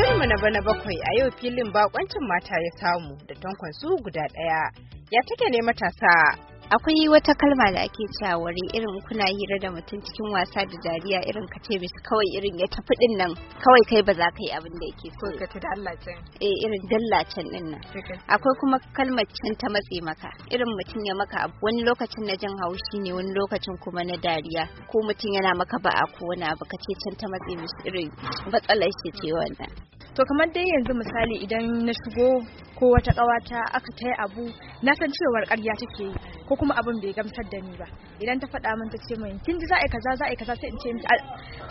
shirinmu na bana bakwai a yau filin bakoncin mata ya samu da tankon su guda ɗaya. Ya take ne matasa? Akwai wata kalma da ake cewa wari irin kuna hira da mutum cikin wasa da dariya irin ka ce mishi kawai irin ya tafi din nan kawai kai ba za ka yi abin da yake so. Ko ka lacin Eh irin dallacen din nan. Akwai kuma kalmar can ta matse maka irin mutum ya maka abu wani lokacin na jin haushi ne wani lokacin kuma na dariya ko mutum yana maka a ko wani abu ka ce can ta matse mishi irin matsalar shi ce wannan. to kamar dai yanzu misali idan na shigo ko wata ƙawata aka ta abu na san cewar ƙarya take yi ko kuma abin bai gamsar da ni ba idan ta faɗa min ta ce min kin ji za a yi kaza za a yi kaza sai in ce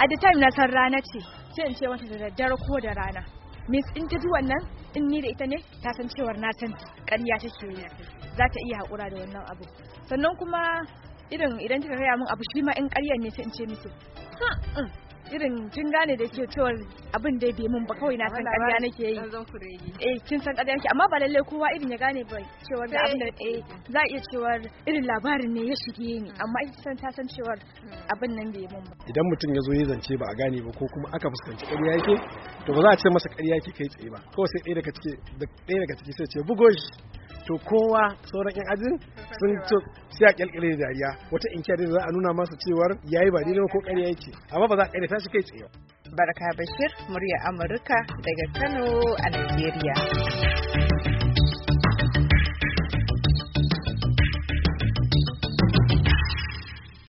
a the time na san rana ce sai in ce mata da daddare ko da rana miss in ta ji wannan in ni da ita ne ta san cewar na san ƙarya take yi za ta iya haƙura da wannan abu sannan kuma irin idan kika gaya min abu shi ma in ƙarya ne sai in ce miki irin kin gane da ke cewa abin da bai mun ba kawai na san karya nake yi eh kin san karya nake amma ba lalle kowa irin ya gane ba cewa da abin da eh za iya cewa irin labarin ne ya shige ni hmm. amma ai san ta san cewa hmm. abin nan bai mun ba idan mutum ya zo ya zance ba a gane ba ko kuma aka fuskanci ƙarya yake to ba za a ce masa ƙarya yake kai tsaye ba kawai sai ɗaya daga ciki sai ce bugo shi to kowa sauran yan ajin sun ci sai a kyalkyale da dariya wata inkiya da za a nuna masa cewar yayi ba daidai ko ya yake amma ba za a ƙarya shi kai tsaye barka bashir murya amurka daga kano a najeriya